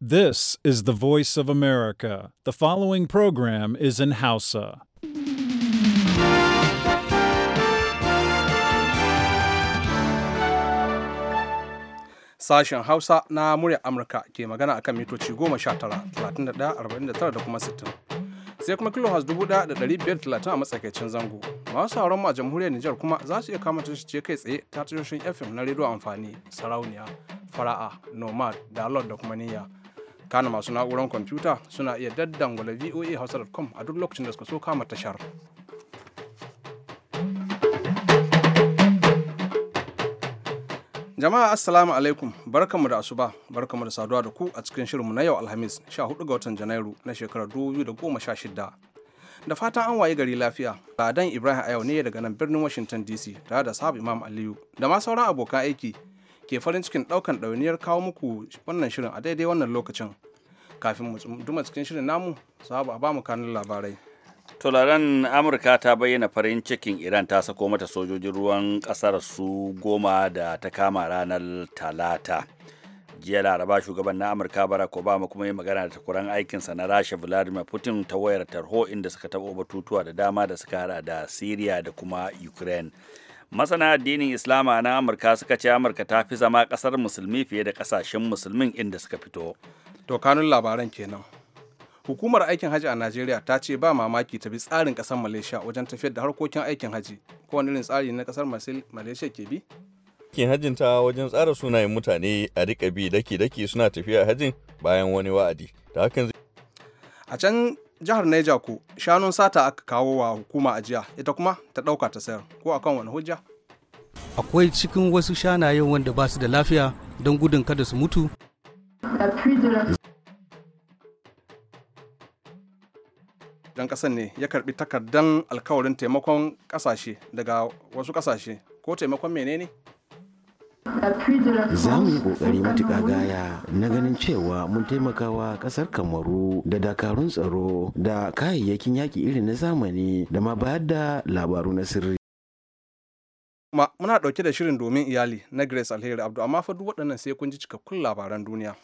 This is the voice of America. The following program is in Hausa. Sashen Hausa na muryar Amurka ke magana akan mitoci 19, 31, 49 da kuma 60. Sai kuma kilohaz talatin a matsakaicin zango. Masu sauran ma jamhuriyar Nijar kuma za su iya kama ce kai tsaye ta tashoshin FM na rediyo amfani, sarauniya, fara'a, nomad, dalot da kuma niyya. kana masu na'urar kwamfuta suna iya daddangwala voa hausa.com a duk lokacin da suka so kama tashar jama'a assalamu alaikum barkamu da asuba barkamu da saduwa da ku a cikin shirinmu na yau alhamis 14 ga watan janairu na shekarar 2016 da fatan an waye gari lafiya ladan ibrahim a yau ne daga nan birnin washington dc tare da sabu imam aliyu da ma sauran abokan aiki ke farin cikin ɗaukan ɗauniyar kawo muku wannan shirin a daidai wannan lokacin. Kafin mu duma cikin shirin namu, sahabu a bamu kanun labarai. Tularan Amurka ta bayyana farin cikin Iran ta sako mata sojojin ruwan kasar su goma da ta kama ranar Talata. jiya laraba shugaban na amurka barack obama kuma yin magana da takwaran aikinsa na rasha vladimir putin ta wayar tarho inda suka taɓo batutuwa da dama da suka hada da syria da kuma ukraine masana addinin islama na amurka suka ce amurka ta fi zama kasar musulmi fiye da kasashen musulmin inda suka fito to kanun labaran kenan hukumar aikin haji a najeriya ta ce ba mamaki ta bi tsarin kasar malaysia wajen tafiyar da harkokin aikin haji ko wani irin tsari na kasar malaysia ke bi aikin hajin ta wajen tsara sunayen mutane a rika bi daki daki suna tafiya hajin bayan wani wa'adi ta hakan a can jihar Niger ko shanun sata aka kawo wa hukuma a jiya ita kuma ta ɗauka ta sayar ko akan wani hujja? Akwai cikin wasu shanayen wanda ba su da lafiya don gudun kada su mutu. Dan ƙasan ne ya karɓi takardar alkawarin taimakon ƙasashe daga wasu ƙasashe ko taimakon menene? za mu yi kokari matuƙa gaya na ganin cewa mun taimakawa ƙasar kamaru da dakarun tsaro da kayayyakin yaƙi irin na zamani da ma bayar da labaru na sirri muna ɗauke da shirin domin iyali na Grace Alheri Abdu, amma fa duk waɗannan sai kun ji cikakkun labaran duniya.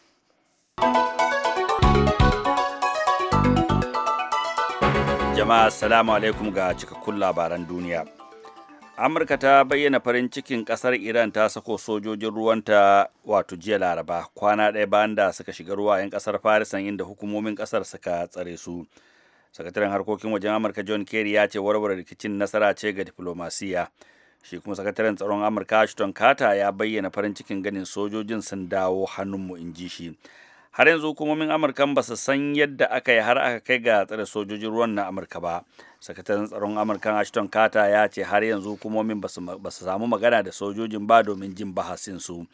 Jama'a, Assalamu alaikum ga cikakkun labaran duniya. amurka ta bayyana farin cikin kasar iran ta sako sojojin ruwanta wato jiya laraba kwana ɗaya bayan da suka shiga ruwa 'yan kasar farisan inda hukumomin kasar suka tsare su sakataren harkokin wajen amurka john kerry ya ce warware rikicin nasara ce ga diplomasiya shi kuma sakataren tsaron amurka ashton carter ya bayyana farin cikin ganin sojojin sun dawo hannunmu in ji shi har yanzu hukumomin amurkan ba su san yadda aka yi har aka kai ga tsare sojojin ruwan na amurka ba sakataren tsaron amurkan ashton carter ya ce har yanzu hukumomin ba su samu magana da sojojin ba domin jin bahasinsu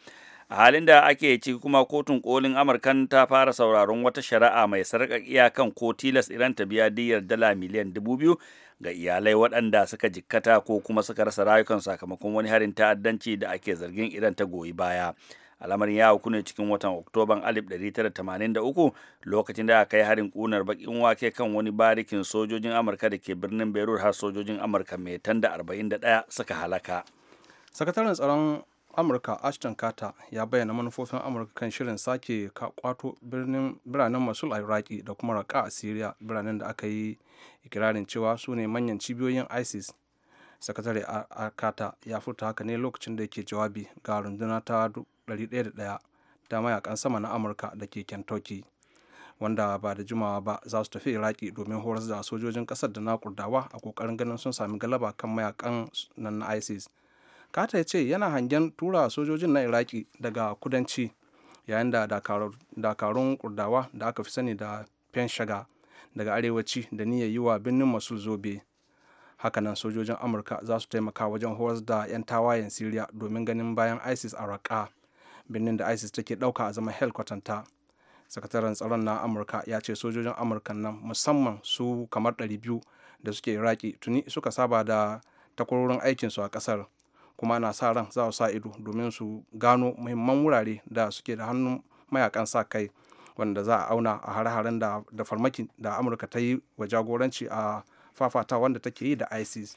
a halin da ake ci kuma kotun kolin amurkan ta fara sauraron wata shari'a mai sarƙaƙiya kan ko tilas iran ta biya diyar dala miliyan dubu biyu ga iyalai waɗanda suka jikkata ko kuma suka rasa rayukan sakamakon wani harin ta'addanci da ake zargin iran ta goyi baya alamar ya hauku ne cikin watan oktoban 1983 lokacin da aka kai harin kunar bakin wake kan wani barikin sojojin amurka da ke birnin beirut har sojojin amurka mai tanda 41 suka halaka sakataren tsaron amurka ashton carter ya bayyana manufofin amurka kan shirin sake kwato birnin biranen masul a iraki da kuma raka a syria biranen da aka yi ikirarin cewa su ne manyan cibiyoyin isis sakatare a kata ya furta haka ne lokacin da yake jawabi ga runduna ta 101 ta mayakan sama na amurka da ke kentucky wanda ba da jimawa ba za su tafi iraki domin horar da sojojin kasar da na kurdawa a kokarin ganin sun sami galaba kan mayakan nan na isis kata ya ce yana hangen tura sojojin na iraki daga kudanci yayin da dakarun kurdawa da aka fi sani da fenshaga daga arewaci da niyyar yi wa birnin masu zobe hakanan sojojin amurka za su taimaka wajen horar da 'yan tawayen siriya domin ganin bayan isis a raqqa birnin da isis take dauka a zama helkwatanta sakataren tsaron na amurka ya ce sojojin amurka nan musamman su kamar 200 da suke iraki tuni suka saba da takwarorin aikin su a kasar kuma na sa ran za sa ido domin su gano muhimman wurare da suke da hannun mayakan sa kai wanda za a auna a har-haren da farmakin da amurka ta yi wa jagoranci a fafata wanda take yi da isis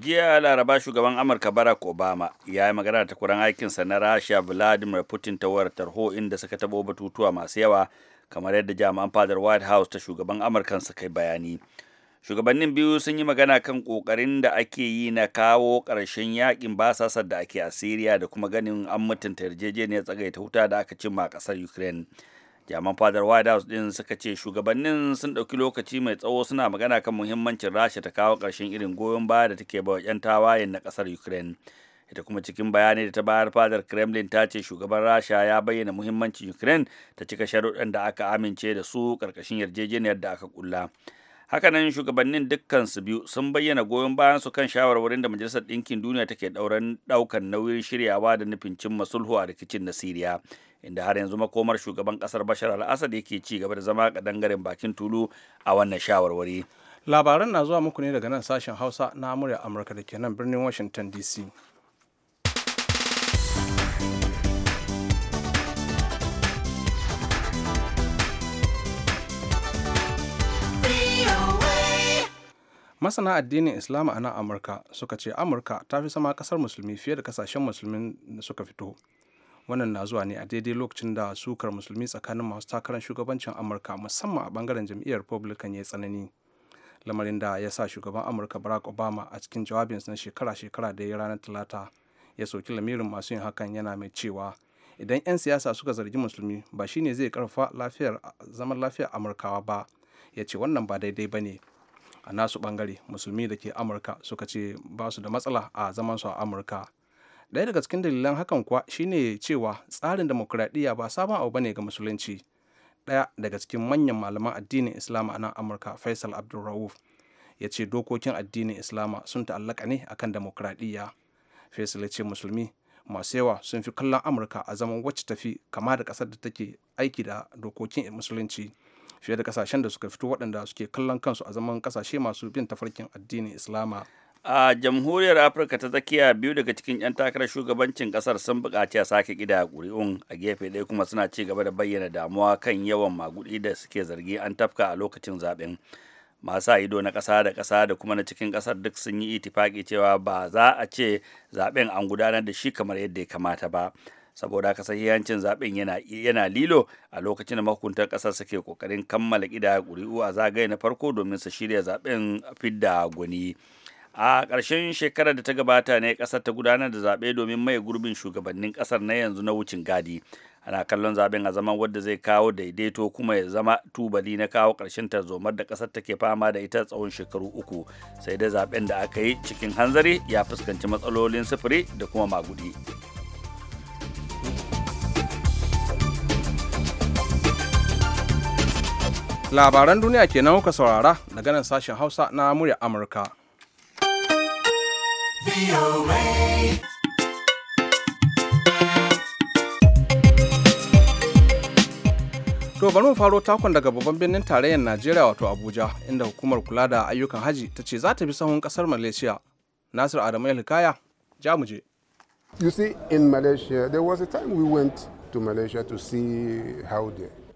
jiya laraba shugaban amurka barack obama ya yi magana da takwaran aikinsa na rasha vladimir putin ta wayar tarho inda suka tabo batutuwa masu yawa kamar yadda jami'an fadar white house ta shugaban amurka suka yi bayani shugabannin biyu sun yi magana kan kokarin da ake yi na kawo karshen yakin basasar da ake a syria da kuma ganin an mutunta yarjejeniyar tsagaita huta da aka cimma a ƙasar ukraine jaman fadar white house din suka ce shugabannin sun ɗauki lokaci mai tsawo suna magana kan muhimmancin rasha ta kawo karshen irin goyon baya da take ba 'yan tawayen na kasar ukraine ita kuma cikin bayani da ta bayar fadar kremlin ta ce shugaban rasha ya bayyana muhimmancin ukraine ta cika sharuɗan da aka amince da su ƙarƙashin yarjejeniyar da aka ƙulla hakanan shugabannin dukkansu biyu sun bayyana goyon bayan su kan shawarwarin da majalisar ɗinkin duniya take ɗauran ɗaukan nauyin shiryawa da nufin cimma sulhu a rikicin na siriya inda har yanzu makomar shugaban ƙasar bashar al-assad yake ci gaba da zama kadangaren bakin tulu a wannan shawarwari labaran na zuwa muku ne daga nan sashen hausa na amurya amurka da ke nan birnin washington dc masana addinin islam a nan amurka suka ce amurka ta fi sama kasar musulmi fiye da kasashen musulmin da suka fito wannan na zuwa ne a daidai lokacin da sukar musulmi tsakanin masu takarar shugabancin amurka musamman a bangaren jam'iyyar republican ya tsanani lamarin da ya sa shugaban amurka barack obama a cikin jawabinsa na shekara-shekara da ya yi ranar talata ya soki lamirin masu yin hakan yana mai cewa idan 'yan siyasa suka zargi musulmi ba shi ne zai karfa lafiyar zaman lafiyar amurkawa ba ya ce wannan ba daidai ba ne a nasu bangare musulmi da ke amurka suka ce ba su da matsala a zaman su a amurka ɗaya daga cikin dalilan hakan kuwa shine cewa tsarin demokuraɗiyya ba sabon abu bane ga musulunci ɗaya daga cikin manyan malaman addinin islam a nan amurka faisal abdulrauf ya ce dokokin addinin islama sun ta'allaka ne akan demokuraɗiyya faisal ya ce musulmi masu yawa sun fi kallon amurka a zaman wacce tafi kama da ƙasar da take aiki da dokokin musulunci fiye da kasashen da suka fito waɗanda suke kallon kansu a zaman kasashe masu bin tafarkin addinin islama a jamhuriyar afirka ta tsakiya biyu daga cikin 'yan takarar shugabancin kasar sun bukaci a sake gida ƙuri'un a gefe ɗaya kuma suna ci gaba da bayyana damuwa kan yawan maguɗi da suke zargi an tafka a lokacin zaɓen masu ido na ƙasa da ƙasa da kuma na cikin ƙasar duk sun yi itifaki cewa ba za a ce zaɓen an gudanar da shi kamar yadda ya kamata ba saboda haka yancin zaben yana yana lilo a lokacin da mahukuntar kasar suke kokarin kammala kida ƙuri'u a zagaye na farko domin su shirya zaben fidda gwani a ƙarshen shekarar da ta gabata ne ƙasar ta gudanar da zaɓe domin mai gurbin shugabannin ƙasar na yanzu na wucin gadi ana kallon zaɓen a zaman wadda zai kawo daidaito kuma ya zama tubali na kawo ƙarshen tarzomar da ƙasar take fama da ita tsawon shekaru uku sai da zaɓen da aka yi cikin hanzari ya fuskanci matsalolin sufuri da kuma magudi. labaran duniya kenan kuka saurara daga nan sashen hausa na murya amurka To bari mu faro takon daga babban birnin tarayyar Najeriya wato Abuja inda hukumar kula da ayyukan haji ta ce za ta bi sahun kasar Malaysia. Nasir Adamu Hikaya, ja mu je. You see in Malaysia there was a time we went to Malaysia to see how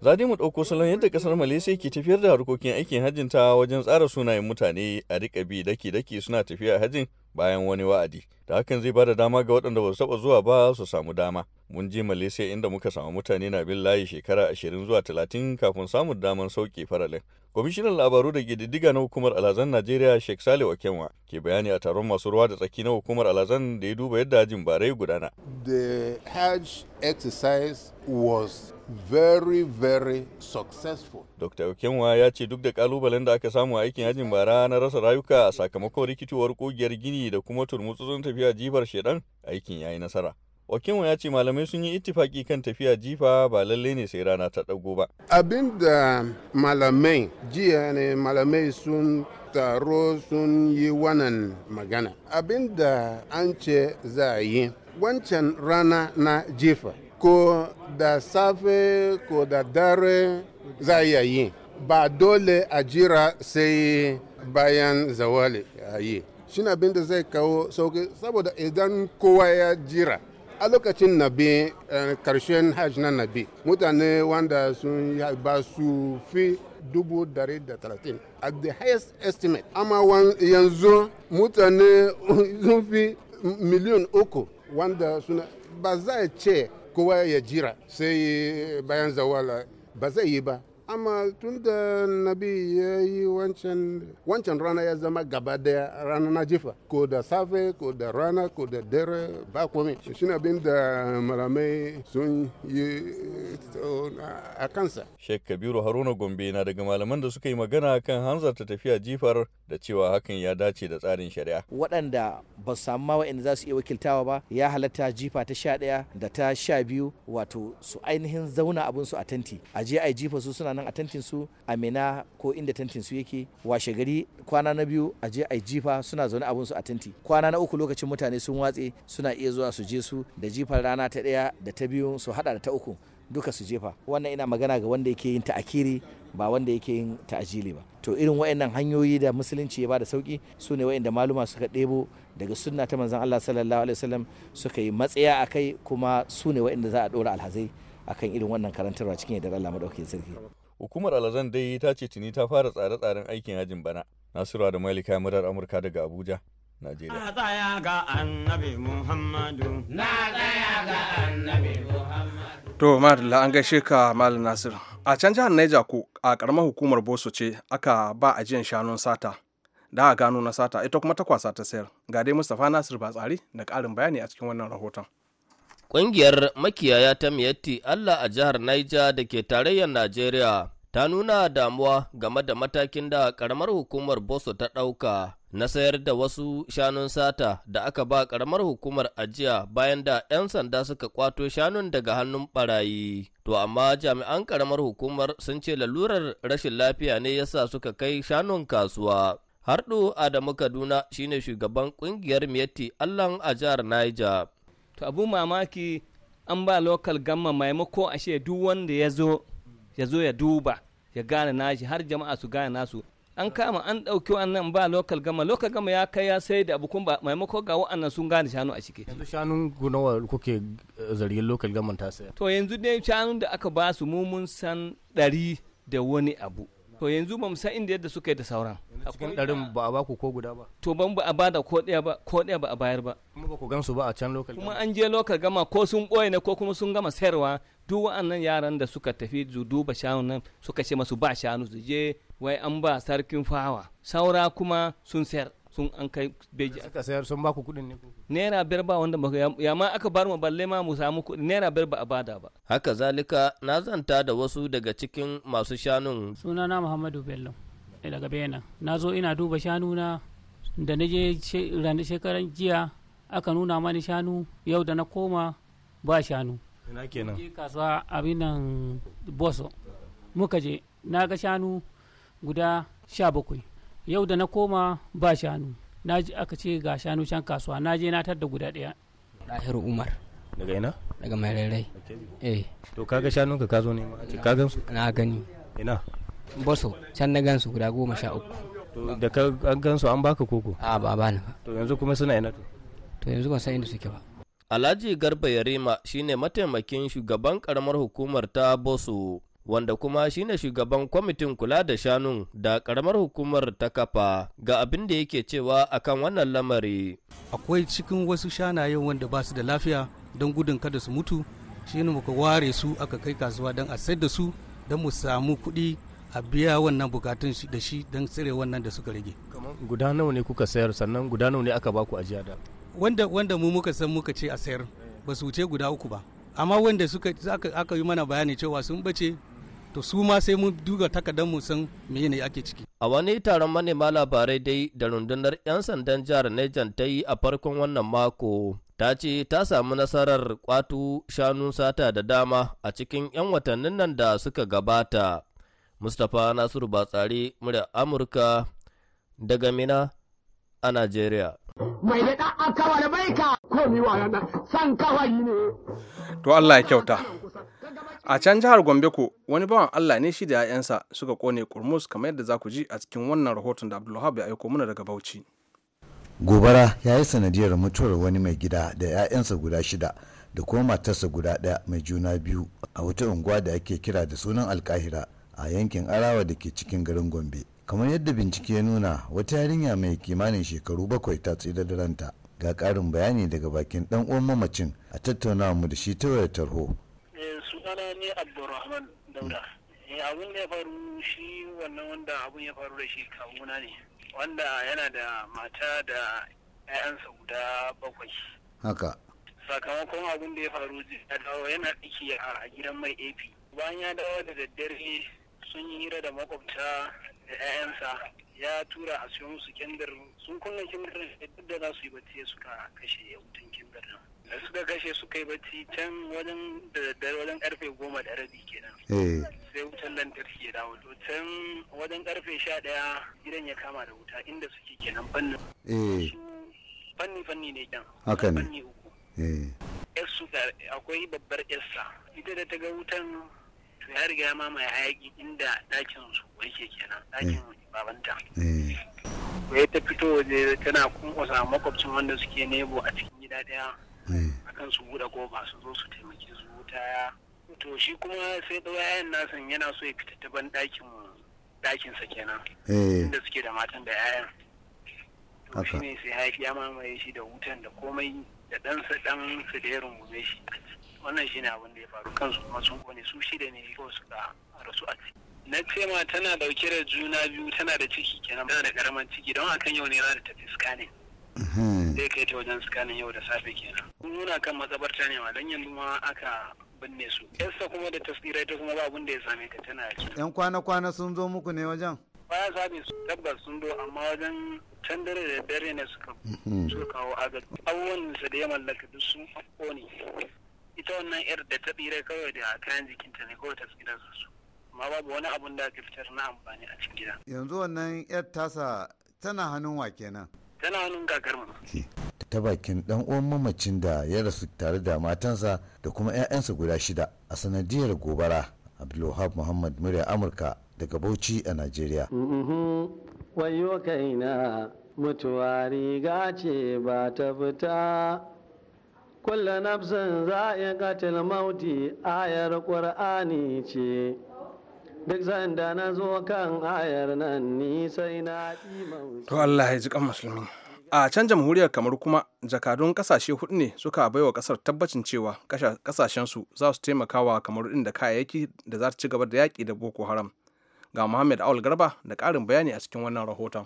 Za mu ɗauko salon yadda ƙasar Malaysia ke tafiyar da harkokin aikin hajjin ta wajen tsara sunayen mutane a riƙa bi daki-daki suna tafiya hajjin bayan wani wa'adi. da hakan zai ba da dama ga waɗanda ba su taɓa zuwa ba su samu dama mun je malaysia inda muka samu mutane na bin layi shekara ashirin zuwa talatin kafin samun damar sauke faralin kwamishinan labaru da diddiga na hukumar alazan najeriya sheikh sale wakenwa ke bayani a taron masu ruwa da tsaki na hukumar alazan da ya duba yadda hajin barai gudana the hajj exercise was very very successful. Dr. Okenwa ya ce duk da kalubalen da aka samu a aikin hajjin bara na rasa rayuka a sakamakon rikitowar kogiyar gini da kuma turmutsutsun tafiya tafiya jifar shedan aikin ya yi nasara Wakinwa ya ce malamai sun yi ittifaki kan tafiya jifa ba lalle ne sai rana ta ɗago ba. Abin da malamai jiya ne malamai sun taro sun yi wannan magana. Abin da an ce za a yi wancan rana na jifa ko da safe ko da dare za a yi ba dole a jira sai bayan zawali a yi. shi abin da zai kawo sauki saboda idan kowa ya jira a lokacin nabi eh, karshen hajj na nabi mutane wanda sun ba su fi dubu dari da talatin at the highest estimate amma yanzu mutane sun fi miliyan uku wanda suna ba za ce kowa ya jira sai bayan zawala ba zai yi ba amal tun da nabi ya yi wancan rana ya zama gaba daya rana na jifa ko da safe ko da rana ko da dare ba kome shi bin da malamai sun yi eh, a kansa shek kabiru haruna gombe na daga malaman da suka yi magana kan ta tafiya jifar da cewa hakan ya dace da tsarin shari'a waɗanda ba su samu ma inda za su iya wakiltawa ba ya halatta jifa ta sha ɗaya da ta sha biyu wato su ainihin zauna abin su a tanti a je a jifa su suna nan a tantin su a Mina ko inda tantin su yake washe gari kwana na biyu a je a jifa suna zaune abun su a tanti kwana na uku lokacin mutane sun watse suna iya zuwa su je su da jifar rana ta daya da ta biyu su hada da ta uku duka su jefa wannan ina magana ga wanda yake yin ta'akiri ba wanda yake yin ta'ajili ba to irin wayannan hanyoyi da musulunci ya bada sauki su ne wayanda maluma suka debo daga sunna ta manzon Allah sallallahu alaihi wasallam suka yi matsaya akai kuma su ne wayanda za a ɗora alhazai akan irin wannan karantarwa cikin yadda Allah madaukakin sarki Hukumar alazan dai ta ce tuni ta fara tsare-tsaren aikin hajin bana. Nasiru da Malika murar Amurka daga Abuja, Najeriya. Na tsaya ga Annabi Muhammadu. Na tsaya ga Annabi Muhammadu. To, an gaishe ka Malam Nasiru. A can jihar naija ko a karamar hukumar Boso ce aka ba jiyan shanun sata. Da a gano na sata, ita kuma ta kwasa ta sayar. Ga dai Mustapha Nasir tsari da karin bayani a cikin wannan rahoton. Ƙungiyar makiyaya ta Miyatti Allah a jihar Niger da ke tarayyar Najeriya ta nuna damuwa game da matakin da ƙaramar hukumar Boso ta ɗauka na sayar da wasu shanun sata da aka ba ƙaramar hukumar ajiya bayan da 'yan sanda suka kwato shanun daga hannun ɓarayi. To amma jami'an ƙaramar hukumar sun ce lalurar rashin lafiya ne yasa suka kai shanun kasuwa. Harɗo Adamu Kaduna shine shugaban ƙungiyar Miyatti Allah a jihar Niger. to abu mamaki an ba local gamma maimako ashe duk wanda ya zo ya zo ya duba ya gane nashi har jama'a su gane nasu an kama an ɗauki wannan ba lokal gama lokal gama ya kai ya sai da abukun ba maimako ga wa'annan sun gane shanu a ciki yanzu shanun gunawa kuke eh, zargin lokal gama ta saya to yanzu dai shanun da aka ba su mu mun san ɗari da wani abu to yanzu ba mu san inda yadda suka yi da sauran cikin ɗarin ba a ba ku ko guda ba to ban ba a ba da ko ɗaya ba ko ɗaya ba a bayar ba kuma ba ku gansu ba a can lokal kuma an je lokal gama ko sun ɓoye ne ko kuma sun gama sayarwa duk wa'annan yaran da suka tafi su duba shanu nan suka ce masu ba shanu su je wai an ba sarkin fawa saura kuma sun sayar sun an kai beji aka sayar sun ku kudin ne naira biyar ba wanda ya ma aka bar mu balle ma mu samu kudi naira biyar ba a bada ba haka zalika na zanta da wasu daga cikin masu shanun sunana muhammadu bello daga benin na zo ina duba shanuna da na je shekaran jiya aka nuna mani shanu yau da na koma ba shanu ina kenan kasuwa abin nan boso muka je na ga shanu guda sha bakwai yau da na koma ba shanu na ji aka ce ga shanu can kasuwa na je na da guda ɗaya ɗahir umar daga ina daga mai rairai eh to kaga shanu ka ka zo ne ma ka gan su na gani ina boso can na gansu guda goma sha uku da ka gansu an baka koko a ba ba ba to yanzu kuma suna ina to to yanzu ban san inda suke ba Alhaji Garba Yarima shine mataimakin shugaban karamar hukumar ta Boso wanda kuma shine shugaban kwamitin kula da shanun da karamar hukumar ta kafa ga abin da yake cewa akan wannan lamari akwai cikin wasu shanaye wanda ba su da lafiya don gudun kada su mutu shine muka ware su aka kai kasuwa don a sayar da su don mu samu kuɗi a biya wannan bukatun da shi don tsire wannan da suka rage guda nawa ne kuka sayar sannan guda nawa ne aka baku ajiya da wanda wanda mu muka san muka ce a sayar ba su wuce guda uku ba amma wanda suka aka yi mana bayani cewa sun bace to su ma sai mun duga takardar mu san me ne ake ciki. A wani taron manema labarai dai da rundunar 'yan sandan jihar Niger ta yi a farkon wannan mako ta ce ta samu nasarar kwatu shanu sata da dama a cikin 'yan watannin nan da suka gabata. Mustapha Nasiru Batsari murya Amurka daga Mina a Najeriya. Mai da a kawar bai ka komi wa san kawai ne. To Allah ya kyauta. A can jihar Gombe ko wani bawan Allah ne shi da 'ya'yansa suka kone kurmus kamar yadda za ku ji a cikin wannan rahoton da Abdullahab ya aiko mana daga Bauchi. Gobara ya yi sanadiyar mutuwar wani mai gida da 'ya'yansa guda shida da kuma matarsa guda ɗaya mai juna biyu a wata unguwa da ake kira da sunan Alkahira a yankin arawa da ke cikin garin gombe kamar yadda bincike ya nuna wata yarinya mai kimanin shekaru bakwai ta tsira da ranta ga karin bayani daga bakin ɗan uwan mamacin a tattaunawa mu da shi ta wayar tarho eh, sunana ne abdurrahman dauda eh, abun da ya faru shi wannan wanda abun ya faru da shi kawuna ne wanda yana da mata da 'ya'yansa guda bakwai haka sakamakon abun da ya faru ya dawo yana ɗiki a gidan mai ap bayan ya dawo da daddare sun yi hira da makwabta da 'ya'yansa ya tura a siyo musu kendir sun kunna kendir duk da za su yi bacci suka kashe wutan nan da suka kashe suka yi bacci can wajen da daddare wajen karfe goma da rabi kenan eh. sai wutan lantarki ya dawo to can wajen karfe sha daya gidan ya kama da wuta inda suke kenan fannin eh. fanni fanni ne kyan haka ne fanni uku eh. akwai babbar ƴarsa ita da ta ga wutan yariga ya riga mamaye hayaki inda ɗakin su yake kenan eh. ɗakin babanta ya eh. ta fito waje tana kunkusa makwabcin wanda suke nebo a cikin gida daya eh. akan su buɗe kofa su zo su taimake su wuta to shi kuma sai yayan nasan yana so ya fita ta ban ɗakinsa kenan inda suke da matan da 'ya'yan to shi ne sai haifi ya mamaye shi da wutan da komai da ɗansa ɗansa da ya rungume shi wannan shine abin da ya faru kansu kuma sun kone su shida ne ko suka rasu a ciki na ce ma tana dauke da juna biyu tana da ciki kenan tana da karaman ciki don akan yau ne za ta tafi scanning hmm. zai kai ta wajen scanning yau da safe kenan kun nuna kan matsabarta ne ma don yanzu ma aka binne su yarsa kuma da taswira ta kuma ba abin da ya same ka tana ciki yan kwana-kwana sun zo muku ne wajen baya sabi su tabbas sun zo amma wajen can dare da dare ne suka hmm. kawo agaji abubuwan da ya mallaka duk sun kone ita wannan yar da ta tsira kawai da kayan jikinta ne kawai ta gidan su amma babu wani abun da ake fitar na amfani a cikin gida yanzu wannan yar tasa tana hannun wa kenan tana hannun mu. ta bakin dan uwan mamacin da ya rasu tare da matansa da kuma 'ya'yansa guda shida a sanadiyar gobara abdulwahab muhammad murya amurka daga bauchi a nigeria wayo kaina mutuwa riga ce ba ta fita kulla nafsin za'iqatil mauti ayar qur'ani ce duk sanda na zo kan ayar nan ni sai na ɗi to Allah ya ji kan musulmi a can jamhuriyar kamar kuma jakadun kasashe hudu ne suka baiwa kasar tabbacin cewa kasashensu za su taimaka wa kamar din da kayayyaki da za ta ci gaba da yaki da boko haram ga muhammad awul garba da ƙarin bayani a cikin wannan rahoton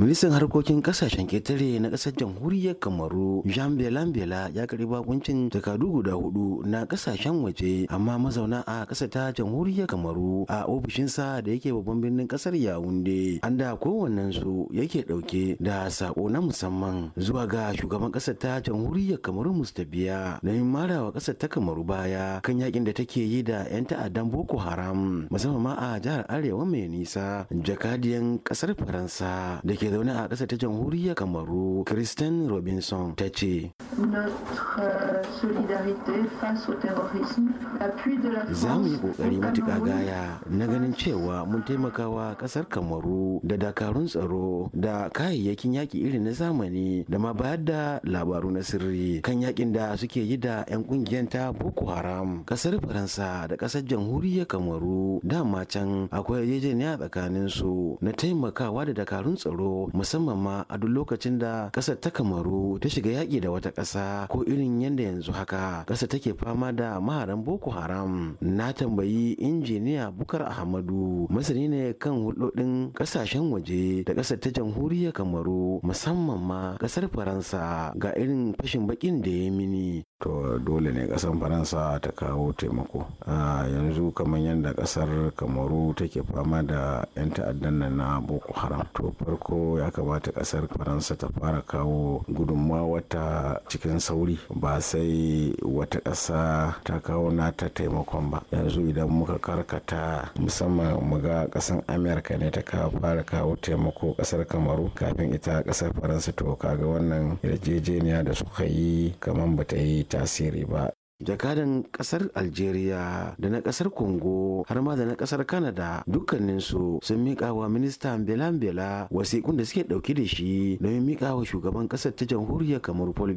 Ministan harkokin kasashen ketare na kasar jamhuriyar Kamaru Jean Bela Bela ya karbi bakuncin jakadu guda hudu na kasashen waje amma mazauna a kasar ta jamhuriyar Kamaru a ofishinsa da yake babban birnin kasar Yaounde an da kowannen su yake dauke da sako na musamman zuwa ga shugaban kasar ta jamhuriyar Kamaru Mustabiya na yin marawa kasar ta Kamaru baya kan yakin da take yi da yan ta'addan Boko Haram musamman a jihar Arewa mai nisa jakadiyan kasar Faransa da ke zaune a ƙasa ta jamhuriyar kamaru kristen robinson ta ce euh, za mu yi ƙoƙari matuƙa gaya na ganin cewa mun taimakawa ƙasar kamaru da dakarun tsaro da kayayyakin yaƙi iri na zamani da ma bayar da labaru na sirri kan yaƙin da suke yi da 'yan ƙungiyar ta boko haram ƙasar faransa da ƙasar jamhuriyar kamaru dama can akwai yarjejeniya tsakanin su na taimakawa da dakarun tsaro musamman ma a duk lokacin da ƙasar ta kamaru ta shiga yaƙi da wata ƙasa ko irin yadda yanzu haka ƙasar take fama da maharan boko haram na tambayi injiniya bukar ahmadu masani ne kan hulɗoɗin ƙasashen waje da ƙasar ta jamhuriyar kamaru musamman ma ƙasar faransa ga irin fashin baƙin da ya mini to dole ne kasan faransa ta kawo taimako a yanzu kamar yadda kasar kamaru take fama da 'yan ta'addan nan na boko haram to farko ya kamata kasar faransa ta fara kawo gudunmawa wata cikin sauri ba sai wata ƙasa ta kawo na ta taimakon ba yanzu idan muka karkata musamman mu ga ƙasan amerika ne ta fara kawo taimako ƙasar kamaru kafin ita ƙasar faransa to kaga wannan yarjejeniya da suka yi kamar ba ta yi tasiri ba jakadan kasar algeria da na kasar congo har ma da na kasar canada dukkaninsu sun mikawa wa minista bela wasiƙun da suke ɗauki da shi don mika wa shugaban kasar ta jamhuriyar kamar paul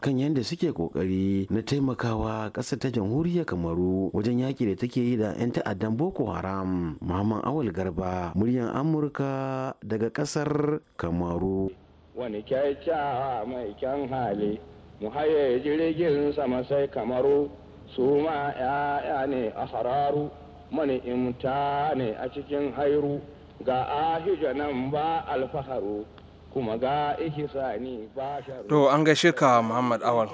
kan yadda suke ƙoƙari na taimakawa kasar ta jamhuriyar kamaru wajen yaƙi da take yi da 'yan ta'addan boko haram muhammad awal garba muryan amurka daga kasar kamaru wani kyakkyawa mai kyan hali mu haye jirgin sama sai kamaru su ma ‘ya'ya ne a hararu mani imta ne a cikin hairu ga ahija nan ba alfaharu kuma ga ihisani ba sharu. To an gaishe ka Muhammad Awal.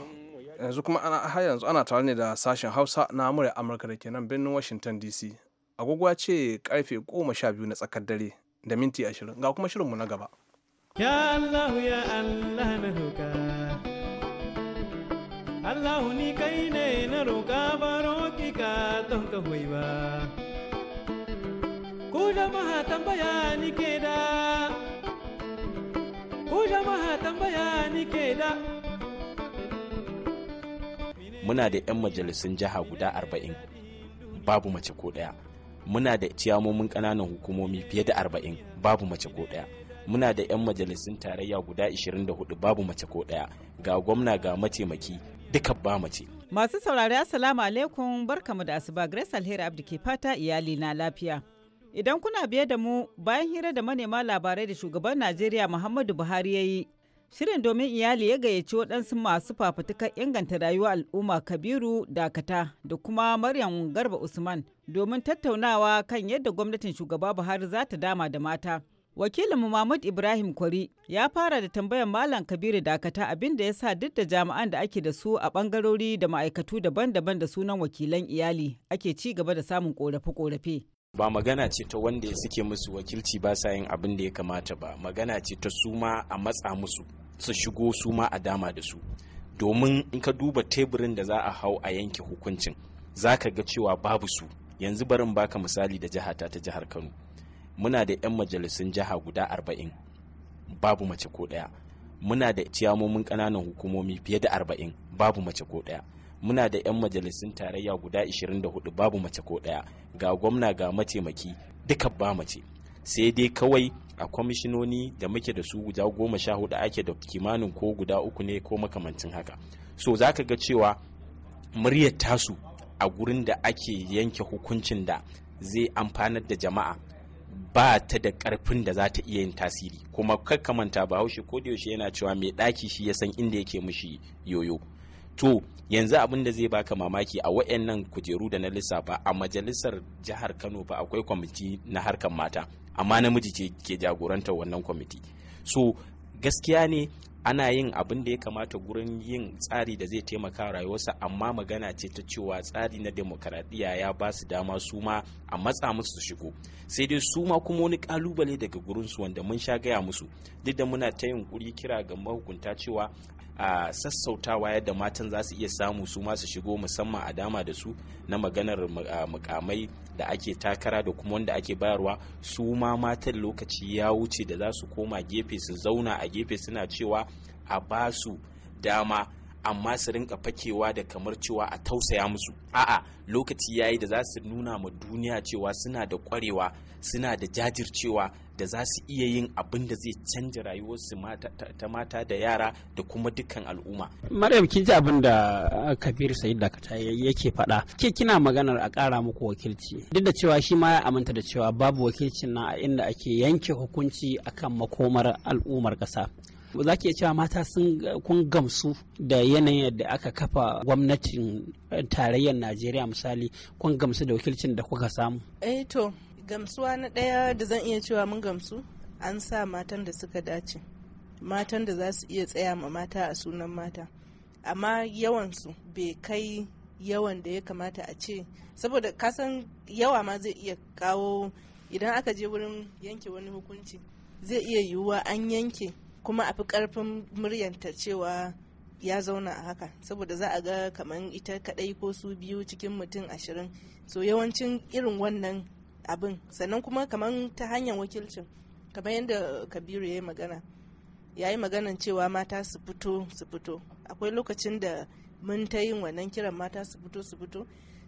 Yanzu kuma har yanzu ana tare ne da sashen Hausa na murya Amurka da kenan birnin Washington DC. agogo ce karfe goma na tsakar dare da minti ashirin ga kuma shirinmu na gaba. Ya Allah ya Allah na hukar. Allah ni kai ne na roƙa baro ki ka don ka hoyi ba. Ku jama'a tambaya ni ke da, ku jama'a tambaya ni ke da. Muna da 'yan majalisun jiha guda arba'in, babu mace ko ɗaya. Muna da ciyamomin ƙananan hukumomi fiye da arba'in, babu mace ko ɗaya. muna da 'yan majalisun tarayya guda 24 babu mace ko ɗaya ga gwamna ga mataimaki duka ba mace. Masu saurari Assalamu alaikum barkamu da asuba Grace Alheri Abdi ke fata iyali na lafiya. Idan kuna biye da mu bayan hira da manema labarai da shugaban Najeriya Muhammadu Buhari ya yi, shirin domin iyali ya gayyaci waɗansu masu fafutukar inganta rayuwa al'umma Kabiru Dakata da kuma Maryam Garba Usman domin tattaunawa kan yadda gwamnatin shugaba Buhari za ta dama da mata. wakilinmu mahmud ibrahim kwari ya fara da tambayar malam kabiru dakata abin da ya sa duk da jami'an da ake da su a bangarori da ma'aikatu daban-daban da sunan wakilan iyali ake ci gaba da samun korafe-korafe ba magana ce ta wanda ya suke musu wakilci ba sa yin abin da ya kamata ba magana ce ta suma a matsa musu su shigo suma a dama da su domin in ka duba teburin da za a hau a yanke hukuncin za ka ga cewa babu su yanzu barin baka misali da jihata ta jihar kano muna da 'yan majalisun jiha guda arba'in babu mace ko ɗaya muna da ciyamomin ƙananan hukumomi fiye da arba'in babu mace ko ɗaya muna da 'yan majalisun tarayya guda 24 babu mace ko ɗaya ga gwamna ga mataimaki duka ba mace sai dai kawai a kwamishinoni da muke da su guda goma sha hudu ake da kimanin ko guda uku ne ko makamancin haka so za ka ga cewa muryar tasu a gurin da ake yanke hukuncin da zai amfanar da jama'a ba ta da karfin da za ta iya yin tasiri kuma kakkamanta bahaushe ko da yaushe yana cewa mai ɗaki shi ya san inda yake mushi yoyo to yanzu abin da zai baka mamaki a wayannan kujeru da na lissafa a majalisar jihar kano ba akwai kwamiti na harkar mata amma namiji ce ke jagorantar wannan kwamiti so gaskiya ne ana yin abin da ya kamata gurin yin tsari da zai taimaka rayuwarsa amma magana ce ta cewa tsari na demokaradiyya ya ba su dama su ma a matsa musu su shigo sai dai su ma kuma wani kalubale daga gurinsu wanda mun sha gaya musu duk da muna ta yin kuri kira ga mahukunta cewa a sassautawa yadda matan za su iya samu su masu shigo musamman a dama da su na maganar mukamai da ake takara da kuma wanda ake bayarwa su ma matan lokaci ya wuce da za su koma gefe su zauna a gefe suna cewa a ba su dama amma su rinka fakewa da kamar cewa a tausaya musu a'a lokaci yayi da za su nuna ma duniya cewa suna da kwarewa suna da jajircewa da za su iya yin abin da zai canja rayuwarsu ta mata da yara da kuma dukkan al'umma. Maryam kin ji abin da uh, Kabir da Dakata yake faɗa. Ke kina maganar a ƙara muku wakilci. Duk da cewa shi ma ya aminta da cewa babu wakilcin na inda ake yanke hukunci akan makomar al'ummar ƙasa. za ki iya cewa mata sun uh, kun gamsu da yanayin da aka kafa gwamnatin uh, tarayyar najeriya misali kun gamsu da wakilcin da kuka samu eh to gamsuwa na ɗaya da zan iya cewa mun gamsu an sa matan da suka dace matan da za su iya tsaya ma mata a sunan mata amma yawansu bai kai yawan da ya kamata a ce saboda kasan yawa ma zai iya kawo idan aka je wurin yanke wani hukunci zai iya yiwuwa an yanke kuma a fi karfin muryanta cewa ya zauna a haka saboda za a ga kamar ita kadai ko su biyu cikin mutum ashirin so yawancin irin wannan abin sannan kuma kamar ta hanyar wakilcin kamar yadda kabiru ya yi magana ya yi maganan cewa mata su fito su fito akwai lokacin da mun ta yin wannan kiran mata su fito su fito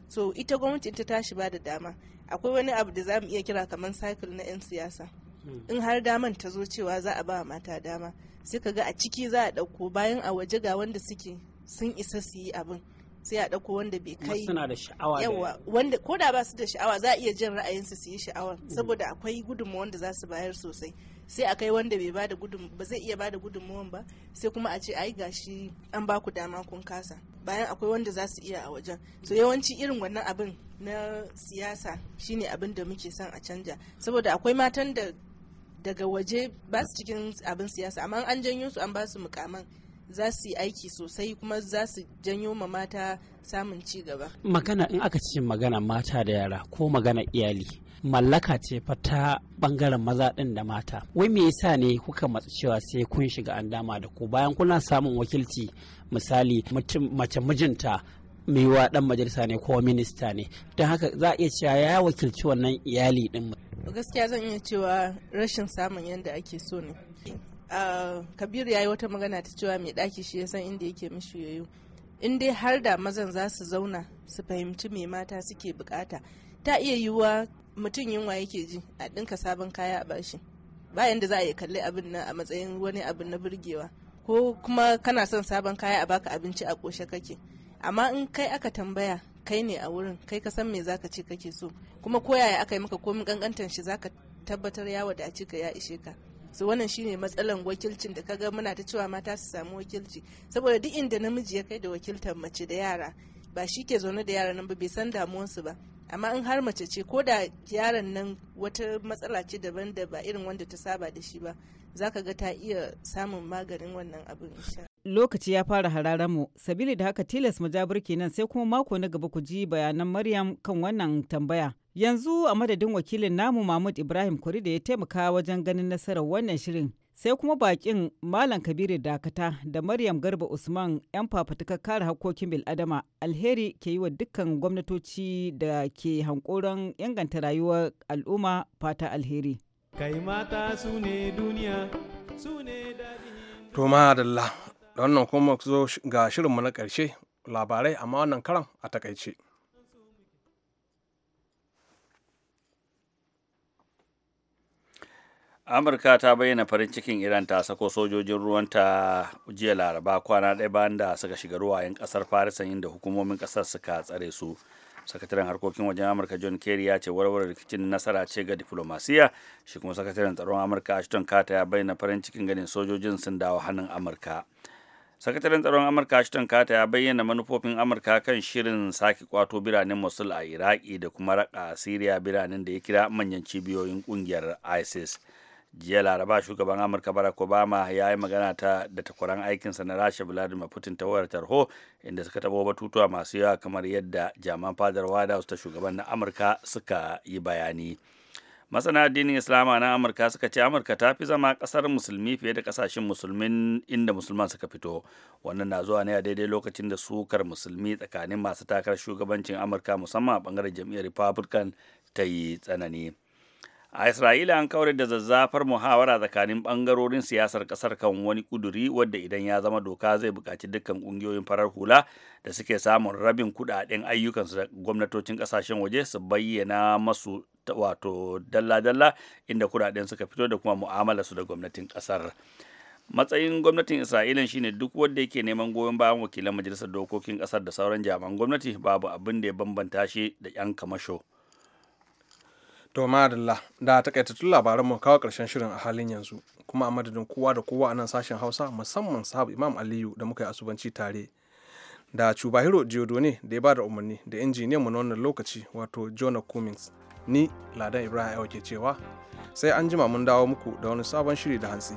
so ita gwamnati ta tashi ba da dama akwai wani abu da za mu iya kira kamar cycle na 'yan siyasa hmm. in har daman ta zo cewa za a ba mata dama sai ka ga a ciki za a ɗauko bayan a waje ga wanda suke sun isa su yi abin sai a ɗauko wanda bai kai suna da sha'awa yawa wanda ko da ba su da sha'awa za a iya jin ra'ayinsu su yi sha'awa mm. saboda akwai gudunmu wanda za su bayar sosai sai a kai wanda bai bada gudun ba zai iya bada gudunmuwan ba sai kuma a ce ai gashi an baku dama kun kasa bayan akwai wanda za su iya a wajen so yawanci irin wannan abin na siyasa shine abin da muke son a canja saboda akwai matan da daga waje ba su cikin abin siyasa amma an janyo su an ba su mukaman za su yi aiki sosai kuma za su janyo ma mata samun ci gaba. Magana in aka ce magana mata da yara ko magana iyali mallaka ce fa bangaren maza ɗin da mata. Wai me yasa ne kuka matsa cewa sai kun shiga an dama da ku bayan kuna samun wakilci misali mace mijinta maiwa dan majalisa ne ko minista ne don haka za a iya cewa ya wakilci wannan iyali din gaskiya zan iya cewa rashin samun yadda ake so ne kabiru ya yi wata magana ta cewa mai ɗaki shi ya san inda yake mishi yoyo in dai har da mazan za su zauna su fahimci mai mata suke bukata ta iya yiwuwa mutum yunwa yake ji a ɗinka sabon kaya a bashi bayan da za a yi kalli abin nan a matsayin wani abin na burgewa ko kuma kana son sabon kaya a baka abinci a ƙoshe kake amma in kai aka tambaya kai ne a wurin kai ka san me zaka ce kake so kuma ko yaya aka yi maka komin kankantar shi zaka tabbatar ya wadace ka ya ishe ka su wannan shine matsalan wakilcin da kaga muna ta cewa mata su samu wakilci saboda duk inda namiji ya kai da wakiltar mace da yara ba shi ke zaune da yaran nan ba bai san su ba amma in har mace ce ko da yaran nan wata matsala ce daban da ba irin wanda ta saba da shi ba za ka ga ta iya samun maganin wannan abin lokaci ya fara hararen mu sabili da haka tilas mu kenan sai kuma mako na gaba ku ji bayanan maryam kan wannan tambaya Yanzu a madadin wakilin namu Mahmud Ibrahim Kuri da ya taimaka wajen ganin nasarar wannan shirin sai kuma bakin Malam Kabiru Dakata da Maryam Garba Usman 'yan fafutukar kare hakkokin bil'adama alheri ke yi wa dukkan gwamnatoci da ke hankoron inganta rayuwar al'umma fata alheri. Kai mata su ne duniya su ne kuma zo ga shirinmu na ƙarshe labarai amma wannan karan a takaice. amurka ta bayyana farin cikin iran ta sako sojojin ruwanta jiya laraba kwana ɗaya bayan da suka shiga ruwayen ƙasar farisan inda hukumomin ƙasar suka tsare su sakataren harkokin wajen amurka john kerry ya ce warware rikicin nasara ce ga diflomasiya shi kuma sakataren tsaron amurka ashton kata ya bayyana farin cikin ganin sojojin sun dawo hannun amurka sakataren tsaron amurka ashton kata ya bayyana manufofin amurka kan shirin sake kwato biranen mosul a iraki da kuma raka siriya biranen da ya kira manyan cibiyoyin kungiyar isis jiya laraba shugaban amurka barack obama ya yi magana ta da takwaran aikinsa na rasha vladimir putin ta wayar tarho inda suka tabo batutuwa masu yawa kamar yadda jaman fadar wada wasu ta shugaban na amurka suka yi bayani masana addinin islama na amurka suka ce amurka ta fi zama kasar musulmi fiye da kasashen musulmin inda musulman suka fito wannan na zuwa ne a daidai lokacin da sukar musulmi tsakanin masu takarar shugabancin amurka musamman a bangaren jam'iyyar republican ta yi tsanani a isra'ila an kawar da zazzafar muhawara tsakanin bangarorin siyasar ƙasar kan wani kuduri wadda idan ya zama doka zai buƙaci dukkan ƙungiyoyin farar hula da suke samun rabin kuɗaɗen ayyukansu da gwamnatocin ƙasashen waje su bayyana masu wato dalla-dalla inda kuɗaɗen suka fito da kuma mu'amala su da gwamnatin ƙasar. matsayin gwamnatin isra'ila shine duk wanda yake neman goyon bayan wakilan majalisar dokokin Ƙasar da sauran jami'an gwamnati babu abin da ya bambanta shi da yan kamasho To madalla da takaitattun labaran mu kawo karshen shirin a halin yanzu kuma a madadin kowa da kowa a nan sashen Hausa musamman sahab Imam Aliyu da muka yi asubanci tare da Chubahiro ne da ya ba da umarni da injiniyan mu na wannan lokaci wato jona Cummings ni Ladan Ibrahim ke cewa sai an jima mun dawo muku da wani sabon shiri da hantsi.